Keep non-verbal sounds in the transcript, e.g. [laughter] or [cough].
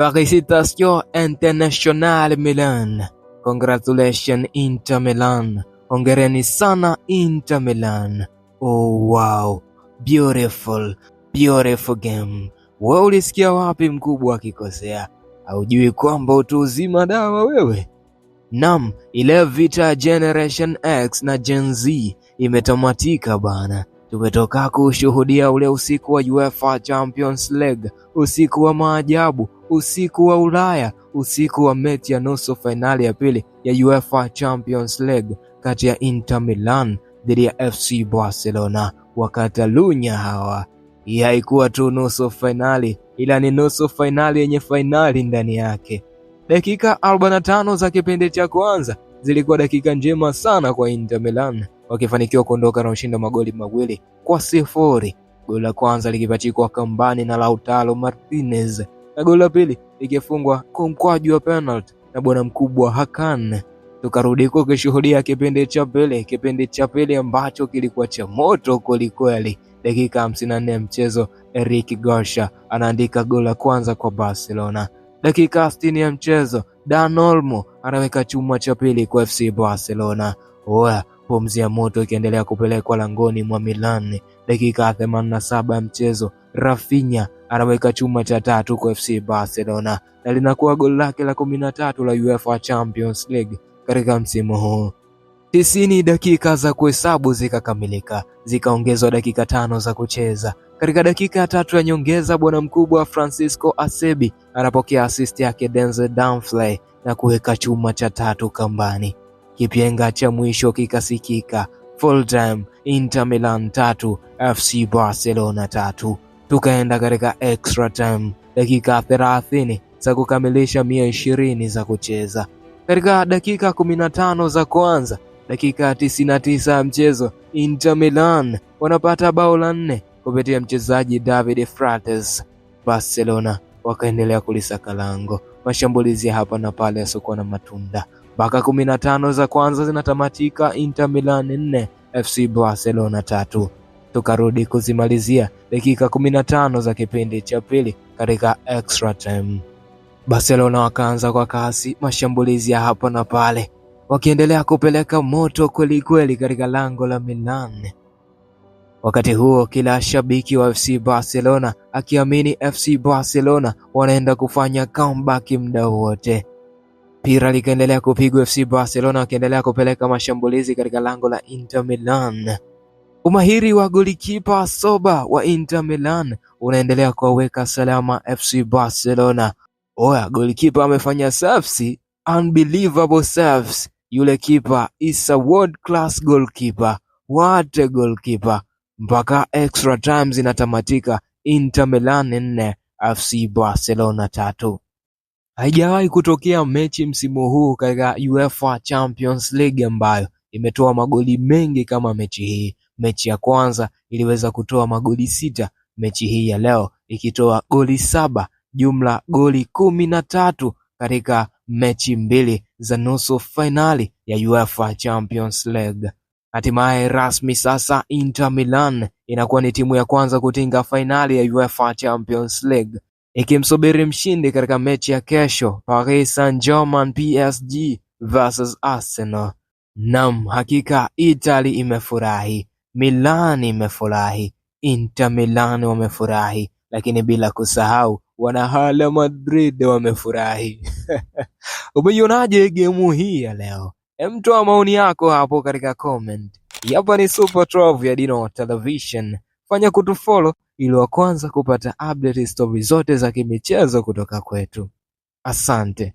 Félicitations International Milan Congratulations Inter Milan Hongereni sana Inter Milan Oh wow beautiful beautiful game wewe ulisikia wapi mkubwa akikosea haujui kwamba utuzima dawa wewe Nam, ile vita Generation X na Gen Z imetamatika bana. Tumetoka kushuhudia ule usiku wa UEFA Champions League, usiku wa maajabu, usiku wa Ulaya, usiku wa mechi ya nusu fainali ya pili ya UEFA Champions League kati ya Inter Milan dhidi ya FC Barcelona wa Katalunya. Hawa haikuwa tu nusu fainali, ila ni nusu fainali yenye fainali ndani yake. Dakika 45 za kipindi cha kwanza zilikuwa dakika njema sana kwa Inter Milan, wakifanikiwa kuondoka na ushindi wa magoli mawili kwa sifuri, goli la kwanza likipachikwa kambani na Lautaro Martinez na goli la pili ikifungwa kwa mkwaju wa penalty na bwana mkubwa Hakan. Tukarudi kwa kushuhudia kipindi cha pili, kipindi cha pili ambacho kilikuwa cha moto kwelikweli. Dakika 54 ya mchezo, Eric Garcia anaandika goli la kwanza kwa Barcelona. Dakika 60 ya mchezo, Dan Olmo anaweka chuma cha pili kwa FC Barcelona. Oya, Pumzi ya moto ikiendelea kupelekwa langoni mwa Milan. Dakika ya saba ya mchezo, Rafinha anaweka chuma cha tatu kwa FC Barcelona na linakuwa goli lake la 13 la UEFA Champions League katika msimu huu. Tisini dakika za kuhesabu zikakamilika, zikaongezwa dakika tano za kucheza. Katika dakika ya tatu ya nyongeza, bwana mkubwa Francisco Asebi anapokea assist yake Denzel Dumfries na kuweka chuma cha tatu kambani. Kipenga cha mwisho kikasikika, Fulham, Inter Milan tatu, FC Barcelona tatu. Tukaenda katika extra time, dakika 30 za kukamilisha mia ishirini za kucheza. Katika dakika 15 za kwanza, dakika 99 ya mchezo, Inter Milan wanapata bao la nne kupitia mchezaji David Frates. Barcelona wakaendelea kulisaka lango mashambulizi ya hapa na pale yasiokuwa na matunda. Mpaka 15 za kwanza zinatamatika Inter Milan 4 FC Barcelona tatu. Tukarudi kuzimalizia dakika 15 za kipindi cha pili katika extra time. Barcelona wakaanza kwa kasi, mashambulizi ya hapa na pale, wakiendelea kupeleka moto kwelikweli katika lango la Milan Wakati huo kila shabiki wa FC Barcelona akiamini FC Barcelona wanaenda kufanya comeback muda wote. Pira likaendelea kupigwa, FC Barcelona wakiendelea kupeleka mashambulizi katika lango la Inter Milan. Umahiri wa golikipa Soba wa Inter Milan unaendelea kuwaweka salama FC Barcelona. Oya, golikipa amefanya saves, unbelievable saves. Yule kipa is a world class goalkeeper. What a goalkeeper! mpaka extra time zinatamatika Inter Milan 4 FC Barcelona tatu Haijawahi kutokea mechi msimu huu katika UEFA Champions League ambayo imetoa magoli mengi kama mechi hii. Mechi ya kwanza iliweza kutoa magoli sita, mechi hii ya leo ikitoa goli saba, jumla goli kumi na tatu katika mechi mbili za nusu fainali ya UEFA Champions League. Hatimaye rasmi sasa Inter Milan inakuwa ni timu ya kwanza kutinga fainali ya UEFA Champions League ikimsubiri mshindi katika mechi ya kesho Paris Saint-Germain PSG versus Arsenal. Nam, hakika Italy imefurahi, Milan imefurahi, Inter Milan wamefurahi, lakini bila kusahau wanahala Madrid wamefurahi. [laughs] Umeionaje gemu hii ya leo? Em toa maoni yako hapo katika comment. Hii hapa ni Super 12 ya Dino Television. Fanya kutufollow ili wa kwanza kupata update stories zote za kimichezo kutoka kwetu. Asante.